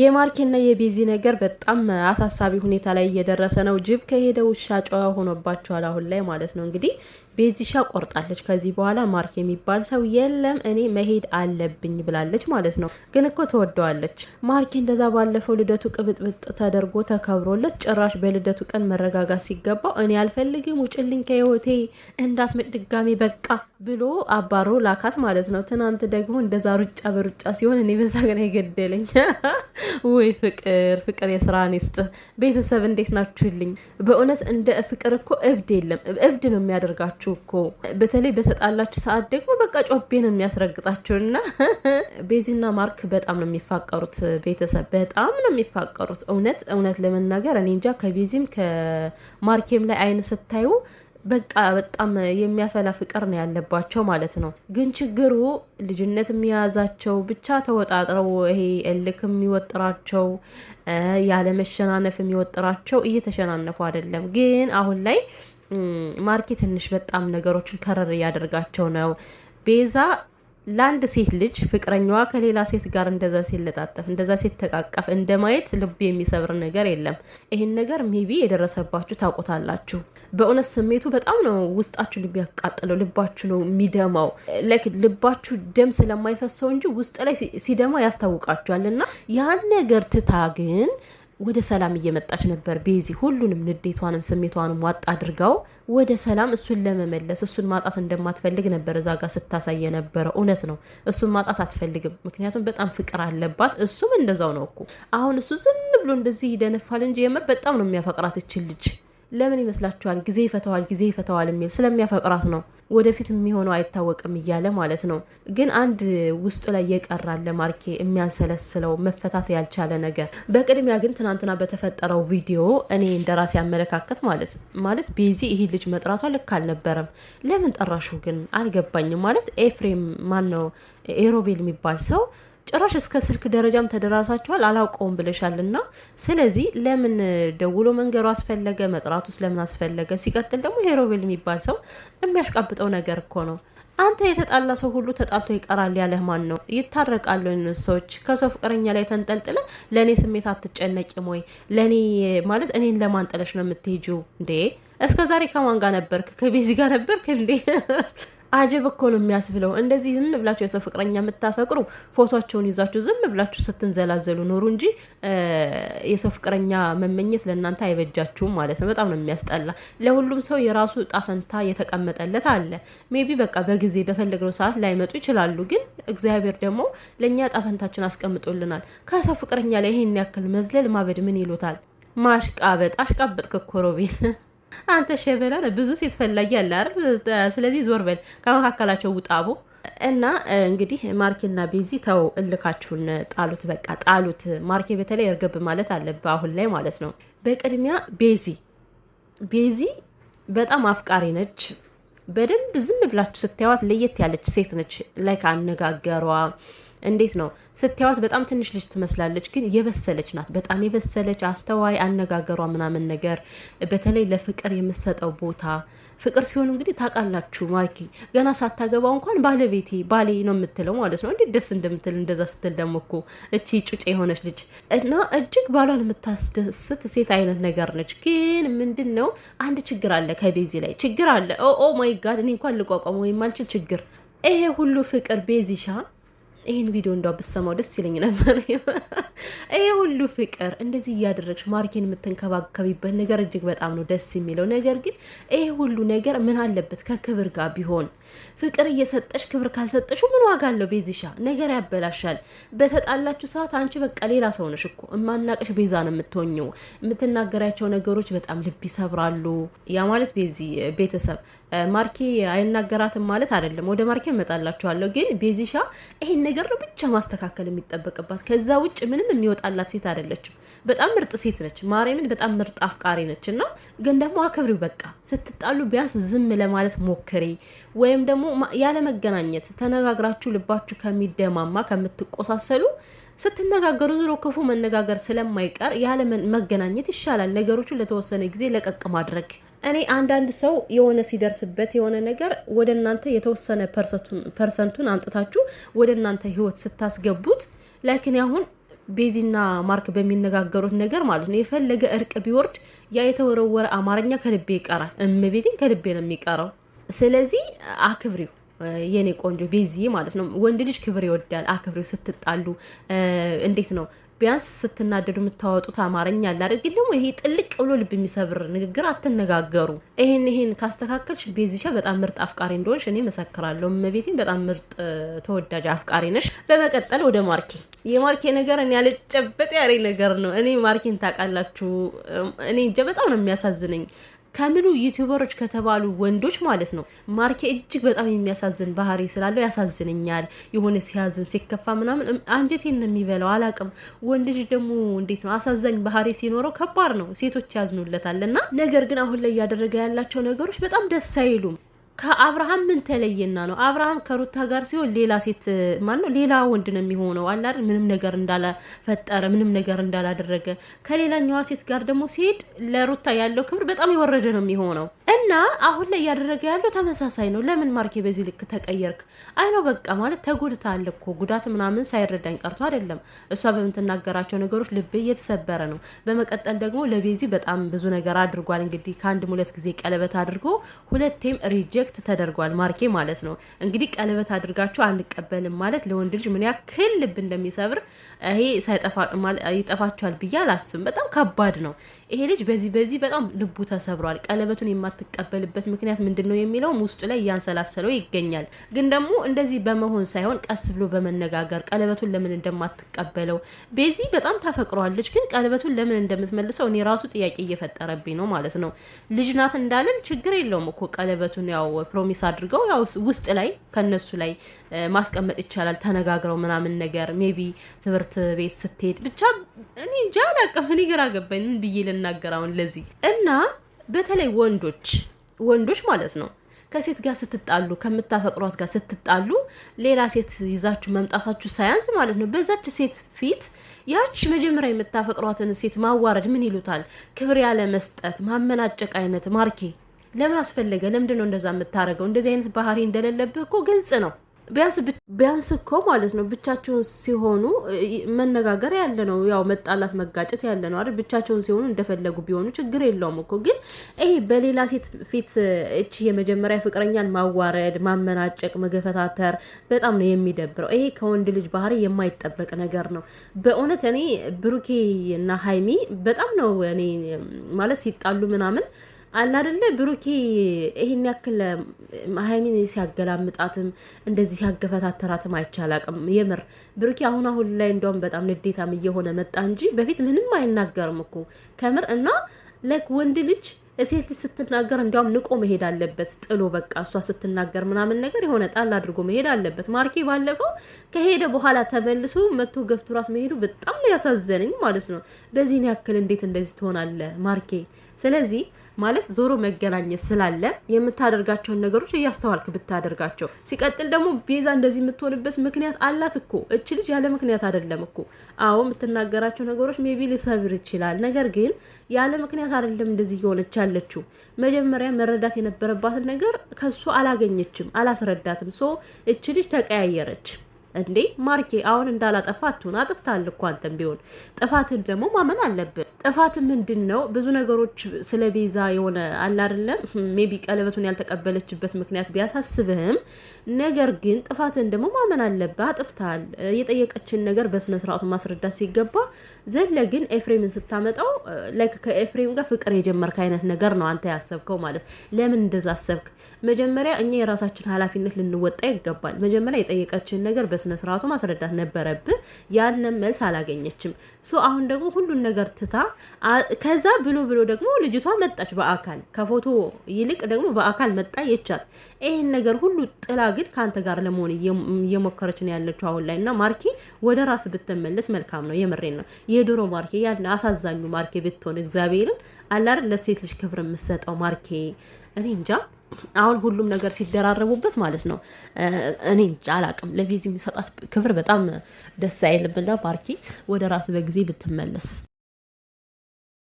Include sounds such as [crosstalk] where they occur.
የማርኬና የቤዚ ነገር በጣም አሳሳቢ ሁኔታ ላይ እየደረሰ ነው። ጅብ ከሄደ ውሻ ጨዋ ሆኖባቸዋል አሁን ላይ ማለት ነው እንግዲህ ቤዚሻ ቆርጣለች። ከዚህ በኋላ ማርክ የሚባል ሰው የለም እኔ መሄድ አለብኝ ብላለች ማለት ነው። ግን እኮ ተወደዋለች። ማርኬ እንደዛ ባለፈው ልደቱ ቅብጥብጥ ተደርጎ ተከብሮለት ጭራሽ በልደቱ ቀን መረጋጋት ሲገባው እኔ አልፈልግም ውጭልኝ ከህይወቴ እንዳትመጭ ድጋሜ በቃ ብሎ አባሮ ላካት ማለት ነው። ትናንት ደግሞ እንደዛ ሩጫ በሩጫ ሲሆን እኔ በዛ ግን አይገደለኝ ወይ [laughs] ፍቅር ፍቅር የስራ ይስጥ። ቤተሰብ እንዴት ናችሁልኝ? በእውነት እንደ ፍቅር እኮ እብድ የለም። እብድ ነው የሚያደርጋችሁ ናችሁ እኮ። በተለይ በተጣላችሁ ሰዓት ደግሞ በቃ ጮቤ ነው የሚያስረግጣችሁ። እና [laughs] ቤዚና ማርክ በጣም ነው የሚፋቀሩት፣ ቤተሰብ በጣም ነው የሚፋቀሩት። እውነት እውነት ለመናገር እኔ እንጃ ከቤዚም ከማርኬም ላይ አይን ስታዩ በቃ በጣም የሚያፈላ ፍቅር ነው ያለባቸው ማለት ነው። ግን ችግሩ ልጅነት የሚያዛቸው ብቻ ተወጣጥረው ይሄ እልክ የሚወጥራቸው ያለመሸናነፍ የሚወጥራቸው እየተሸናነፉ አይደለም። ግን አሁን ላይ ማርኪ ትንሽ በጣም ነገሮችን ከረር እያደርጋቸው ነው። ቤዛ ለአንድ ሴት ልጅ ፍቅረኛዋ ከሌላ ሴት ጋር እንደዛ ሲለጣጠፍ እንደዛ ተቃቀፍ እንደ ማየት ልብ የሚሰብር ነገር የለም። ይህን ነገር ሜቢ የደረሰባችሁ ታውቆታላችሁ። በእውነት ስሜቱ በጣም ነው ውስጣችሁ ልብ ያቃጥለው፣ ልባችሁ ነው የሚደማው። ልባችሁ ደም ስለማይፈሰው እንጂ ውስጥ ላይ ሲደማ ያስታውቃችኋል። እና ያን ነገር ትታ ግን ወደ ሰላም እየመጣች ነበር። ቤዚ ሁሉንም ንዴቷንም ስሜቷንም ዋጥ አድርጋው ወደ ሰላም እሱን ለመመለስ እሱን ማጣት እንደማትፈልግ ነበር እዛ ጋር ስታሳይ የነበረው። እውነት ነው፣ እሱን ማጣት አትፈልግም። ምክንያቱም በጣም ፍቅር አለባት፣ እሱም እንደዛው ነው እኮ። አሁን እሱ ዝም ብሎ እንደዚህ ይደነፋል እንጂ የምር በጣም ነው የሚያፈቅራት እችን ልጅ። ለምን ይመስላችኋል? ጊዜ ይፈተዋል፣ ጊዜ ይፈተዋል የሚል ስለሚያፈቅራት ነው። ወደፊት የሚሆነው አይታወቅም እያለ ማለት ነው። ግን አንድ ውስጡ ላይ የቀራለ ማርኬ የሚያንሰለስለው መፈታት ያልቻለ ነገር። በቅድሚያ ግን ትናንትና በተፈጠረው ቪዲዮ እኔ እንደራሴ ያመለካከት ማለት ማለት ቤዚ ይሄ ልጅ መጥራቷ ልክ አልነበረም። ለምን ጠራሹ ግን አልገባኝም። ማለት ኤፍሬም ማን ነው ኤሮቤል የሚባል ሰው ጭራሽ እስከ ስልክ ደረጃም ተደራሳችኋል አላውቀውም ብለሻል። እና ስለዚህ ለምን ደውሎ መንገሩ አስፈለገ? መጥራት ውስጥ ለምን አስፈለገ? ሲቀጥል ደግሞ ሄሮቤል የሚባል ሰው የሚያሽቃብጠው ነገር እኮ ነው። አንተ የተጣላ ሰው ሁሉ ተጣልቶ ይቀራል ያለህ ማን ነው? ይታረቃሉ ሰዎች። ከሰው ፍቅረኛ ላይ ተንጠልጥለ ለእኔ ስሜት አትጨነቂም ወይ? ለእኔ ማለት እኔን ለማንጠለሽ ነው የምትሄጂው እንዴ? እስከ ዛሬ ከማን ጋር ነበርክ? ከቤዚ ጋር ነበርክ እንዴ? [laughs] አጀብ እኮ ነው የሚያስብለው። እንደዚህ ዝም ብላችሁ የሰው ፍቅረኛ የምታፈቅሩ ፎቶቸውን ይዛችሁ ዝም ብላችሁ ስትንዘላዘሉ ኖሩ እንጂ የሰው ፍቅረኛ መመኘት ለእናንተ አይበጃችሁም ማለት ነው። በጣም ነው የሚያስጠላ። ለሁሉም ሰው የራሱ ጣፈንታ የተቀመጠለት አለ። ሜቢ በቃ በጊዜ በፈለግነው ሰዓት ላይመጡ ይችላሉ። ግን እግዚአብሔር ደግሞ ለእኛ ጣፈንታችን አስቀምጦልናል። ከሰው ፍቅረኛ ላይ ይሄን ያክል መዝለል ማበድ ምን ይሉታል? ማሽቃበጥ አሽቃበጥ ከኮሮቤል አንተ ሸበላ ብዙ ሴት ፈላጊ ያለ አይደል? ስለዚህ ዞር በል ከመካከላቸው ውጣቡ እና እንግዲህ ማርኬና ቤዚ ተው እልካችሁን ጣሉት፣ በቃ ጣሉት። ማርኬ በተለይ እርግብ ማለት አለብህ አሁን ላይ ማለት ነው። በቅድሚያ ቤዚ ቤዚ በጣም አፍቃሪ ነች። በደንብ ዝም ብላችሁ ለየት ያለች ሴት ነች። ላይ ከአነጋገሯ እንዴት ነው ስትያዋት በጣም ትንሽ ልጅ ትመስላለች፣ ግን የበሰለች ናት። በጣም የበሰለች አስተዋይ፣ አነጋገሯ ምናምን ነገር በተለይ ለፍቅር የምሰጠው ቦታ ፍቅር ሲሆን እንግዲህ ታውቃላችሁ ማኪ ገና ሳታገባው እንኳን ባለቤቴ ባሌ ነው የምትለው ማለት ነው። እንዴት ደስ እንደምትል እንደዛ ስትል ደግሞ እኮ እቺ ጩጬ የሆነች ልጅ እና እጅግ ባሏን የምታስደስት ሴት አይነት ነገር ነች። ግን ምንድን ነው አንድ ችግር አለ፣ ከቤዚ ላይ ችግር አለ። ኦ ማይ ጋድ እኔ እንኳን ልቋቋመው የማልችል ችግር ይሄ ሁሉ ፍቅር ቤዚሻ ይህን ቪዲዮ እንዷ ብሰማው ደስ ይለኝ ነበር። ይህ ሁሉ ፍቅር እንደዚህ እያደረግሽ ማርኬን የምትንከባከቢበት ነገር እጅግ በጣም ነው ደስ የሚለው። ነገር ግን ይህ ሁሉ ነገር ምን አለበት ከክብር ጋር ቢሆን። ፍቅር እየሰጠሽ ክብር ካልሰጠሽው ምን ዋጋ አለው? ቤዚሻ ነገር ያበላሻል። በተጣላችሁ ሰዓት አንቺ በቃ ሌላ ሰው ነሽ እኮ እማናቀሽ ቤዛ ነው የምትሆኘው። የምትናገራቸው ነገሮች በጣም ልብ ይሰብራሉ። ያ ማለት ቤዚ ቤተሰብ ማርኬ አይናገራትም ማለት አይደለም። ወደ ማርኬ እመጣላችኋለሁ። ግን ቤዚሻ ይሄን ነገር ነው ብቻ ማስተካከል የሚጠበቅባት ከዛ ውጭ ምንም ምንም የሚወጣላት ሴት አይደለችም። በጣም ምርጥ ሴት ነች። ማርያምን በጣም ምርጥ አፍቃሪ ነች። እና ግን ደግሞ አክብሪው። በቃ ስትጣሉ ቢያንስ ዝም ለማለት ሞክሪ፣ ወይም ደግሞ ያለመገናኘት ተነጋግራችሁ ልባችሁ ከሚደማማ ከምትቆሳሰሉ ስትነጋገሩ ዝሮ ክፉ መነጋገር ስለማይቀር ያለ መገናኘት ይሻላል። ነገሮችን ለተወሰነ ጊዜ ለቀቅ ማድረግ። እኔ አንዳንድ ሰው የሆነ ሲደርስበት የሆነ ነገር ወደ እናንተ የተወሰነ ፐርሰንቱን አምጥታችሁ ወደ እናንተ ህይወት ስታስገቡት ላይክን አሁን ቤዚና ማርክ በሚነጋገሩት ነገር ማለት ነው የፈለገ እርቅ ቢወርድ ያ የተወረወረ አማርኛ ከልቤ ይቀራል። እመቤቴን ከልቤ ነው የሚቀረው። ስለዚህ አክብሪው። የኔ ቆንጆ ቤዚዬ ማለት ነው። ወንድ ልጅ ክብር ይወዳል። አክብሬው ስትጣሉ እንዴት ነው ቢያንስ ስትናደዱ የምታወጡት አማርኛ አለ አይደል? ግን ደግሞ ይሄ ጥልቅ ብሎ ልብ የሚሰብር ንግግር አትነጋገሩ። ይሄን ይሄን ካስተካከልሽ ቤዚሻ በጣም ምርጥ አፍቃሪ እንደሆንሽ እኔ መሰክራለሁ። እመቤቴን በጣም ምርጥ ተወዳጅ አፍቃሪ ነሽ። በመቀጠል ወደ ማርኬ የማርኬ ነገር እኔ ያለጨበጥ ያሬ ነገር ነው። እኔ ማርኬን ታውቃላችሁ። እኔ እንጃ በጣም ነው የሚያሳዝነኝ ከምሉ ዩቲዩበሮች ከተባሉ ወንዶች ማለት ነው። ማርኬ እጅግ በጣም የሚያሳዝን ባህሪ ስላለው ያሳዝነኛል። የሆነ ሲያዝን ሲከፋ ምናምን አንጀቴን ነው የሚበላው። አላቅም። ወንድ ልጅ ደግሞ እንዴት ነው አሳዛኝ ባህሪ ሲኖረው ከባድ ነው። ሴቶች ያዝኑለታል እና ነገር ግን አሁን ላይ እያደረገ ያላቸው ነገሮች በጣም ደስ አይሉም። ከአብርሃም ምን ተለየና ነው? አብርሃም ከሩታ ጋር ሲሆን ሌላ ሴት ማን ነው? ሌላ ወንድ ነው የሚሆነው። አለ ምንም ነገር እንዳላፈጠረ ምንም ነገር እንዳላደረገ። ከሌላኛዋ ሴት ጋር ደግሞ ሲሄድ ለሩታ ያለው ክብር በጣም የወረደ ነው የሚሆነው እና አሁን ላይ እያደረገ ያለው ተመሳሳይ ነው። ለምን ማርኬ በዚህ ልክ ተቀየርክ? አይ ነው በቃ ማለት ተጎድተሃል እኮ ጉዳት ምናምን ሳይረዳኝ ቀርቶ አይደለም። እሷ በምትናገራቸው ነገሮች ልብ እየተሰበረ ነው። በመቀጠል ደግሞ ለቤዚ በጣም ብዙ ነገር አድርጓል። እንግዲህ ከአንድ ሁለት ጊዜ ቀለበት አድርጎ ሁለቴም ሪጀ ሪጀክት ተደርጓል። ማርኬ ማለት ነው እንግዲህ ቀለበት አድርጋችሁ አንቀበልም ማለት ለወንድ ልጅ ምን ያክል ልብ እንደሚሰብር ይሄ ይጠፋችኋል ብዬ አላስብም። በጣም ከባድ ነው። ይሄ ልጅ በዚህ በዚህ በጣም ልቡ ተሰብሯል። ቀለበቱን የማትቀበልበት ምክንያት ምንድን ነው የሚለውም ውስጡ ላይ እያንሰላሰለው ይገኛል። ግን ደግሞ እንደዚህ በመሆን ሳይሆን ቀስ ብሎ በመነጋገር ቀለበቱን ለምን እንደማትቀበለው ቤዚ በጣም ታፈቅረዋለች። ግን ቀለበቱን ለምን እንደምትመልሰው እኔ ራሱ ጥያቄ እየፈጠረብኝ ነው ማለት ነው። ልጅ ናት እንዳልን ችግር የለውም እኮ ቀለበቱን ያው ፕሮሚስ አድርገው ያው ውስጥ ላይ ከነሱ ላይ ማስቀመጥ ይቻላል ተነጋግረው ምናምን ነገር ሜቢ ትምህርት ቤት ስትሄድ ብቻ እኔ እንጃ አላውቅም። እኔ ግራ ገባኝ። ምን ብዬ ልናገር አሁን ለዚህ እና በተለይ ወንዶች ወንዶች ማለት ነው ከሴት ጋር ስትጣሉ ከምታፈቅሯት ጋር ስትጣሉ ሌላ ሴት ይዛችሁ መምጣታችሁ ሳያንስ ማለት ነው በዛች ሴት ፊት ያች መጀመሪያ የምታፈቅሯትን ሴት ማዋረድ ምን ይሉታል? ክብር ያለ መስጠት ማመናጨቅ አይነት ማርኬ ለምን አስፈለገ? ለምንድን ነው እንደዛ የምታደርገው? እንደዚህ አይነት ባህሪ እንደሌለብህ እኮ ግልጽ ነው። ቢያንስ እኮ ማለት ነው ብቻቸውን ሲሆኑ መነጋገር ያለ ነው፣ ያው መጣላት መጋጨት ያለ ነው አይደል? ብቻቸውን ሲሆኑ እንደፈለጉ ቢሆኑ ችግር የለውም እኮ። ግን ይሄ በሌላ ሴት ፊት እቺ የመጀመሪያ ፍቅረኛን ማዋረድ፣ ማመናጨቅ፣ መገፈታተር በጣም ነው የሚደብረው። ይሄ ከወንድ ልጅ ባህሪ የማይጠበቅ ነገር ነው በእውነት። እኔ ብሩኬ እና ሀይሚ በጣም ነው እኔ ማለት ሲጣሉ ምናምን አለ አይደለ ብሩኬ ይሄን ያክል ሀይሚን ሲያገላምጣትም እንደዚህ ሲያገፈታተራትም አይቻላቅም። የምር ብሩኬ አሁን አሁን ላይ እንደውም በጣም ንዴታም እየሆነ መጣ እንጂ በፊት ምንም አይናገርም እኮ ከምር እና ለክ ወንድ ልጅ ሴት ልጅ ስትናገር እንዲያውም ንቆ መሄድ አለበት። ጥሎ በቃ እሷ ስትናገር ምናምን ነገር የሆነ ጣል አድርጎ መሄድ አለበት። ማርኬ ባለፈው ከሄደ በኋላ ተመልሶ መቶ ገፍቱ ራስ መሄዱ በጣም ያሳዘነኝ ማለት ነው። በዚህን ያክል እንዴት እንደዚህ ትሆናለ ማርኬ? ስለዚህ ማለት ዞሮ መገናኘት ስላለ የምታደርጋቸውን ነገሮች እያስተዋልክ ብታደርጋቸው። ሲቀጥል ደግሞ ቤዛ እንደዚህ የምትሆንበት ምክንያት አላት እኮ እች ልጅ ያለ ምክንያት አይደለም እኮ። አዎ የምትናገራቸው ነገሮች ሜቢ ሊሰብር ይችላል። ነገር ግን ያለ ምክንያት አይደለም እንደዚህ እየሆነች ያለችው። መጀመሪያ መረዳት የነበረባትን ነገር ከሱ አላገኘችም፣ አላስረዳትም። ሶ እች ልጅ ተቀያየረች። እንዴ ማርኬ፣ አሁን እንዳላጠፋ አትሁን። አጥፍታል እኮ አንተም ቢሆን ጥፋትን ደግሞ ማመን አለብን። ጥፋት ምንድን ነው? ብዙ ነገሮች ስለ ቤዛ የሆነ አለ አይደለም ሜቢ ቀለበቱን ያልተቀበለችበት ምክንያት ቢያሳስብህም፣ ነገር ግን ጥፋትን ደግሞ ማመን አለብህ። አጥፍታል። የጠየቀችን ነገር በስነ ስርዓቱ ማስረዳት ሲገባ ዘለ ግን ኤፍሬምን ስታመጣው ላይክ ከኤፍሬም ጋር ፍቅር የጀመርክ አይነት ነገር ነው አንተ ያሰብከው ማለት። ለምን እንደዛ አሰብክ? መጀመሪያ እኛ የራሳችን ኃላፊነት ልንወጣ ይገባል። መጀመሪያ የጠየቀችን ነገር በስነ ስርዓቱ ማስረዳት ነበረብህ። ያንን መልስ አላገኘችም። ሶ አሁን ደግሞ ሁሉን ነገር ትታ ከዛ ብሎ ብሎ ደግሞ ልጅቷ መጣች በአካል ከፎቶ ይልቅ ደግሞ በአካል መጣ የቻት ይህን ነገር ሁሉ ጥላ ግን ከአንተ ጋር ለመሆን እየሞከረች ነው ያለችው አሁን ላይ እና ማርኬ ወደ ራስ ብትመለስ መልካም ነው። የምሬን ነው። የድሮ ማርኬ ያን አሳዛኙ ማርኬ ብትሆን እግዚአብሔርን አላር ለሴት ልጅ ክብር የምሰጠው ማርኬ እኔ እንጃ አሁን ሁሉም ነገር ሲደራረቡበት ማለት ነው። እኔ አላቅም ለቤዚ የሚሰጣት ክብር በጣም ደስ አይልምና ማርኬ ወደ ራስ በጊዜ ብትመለስ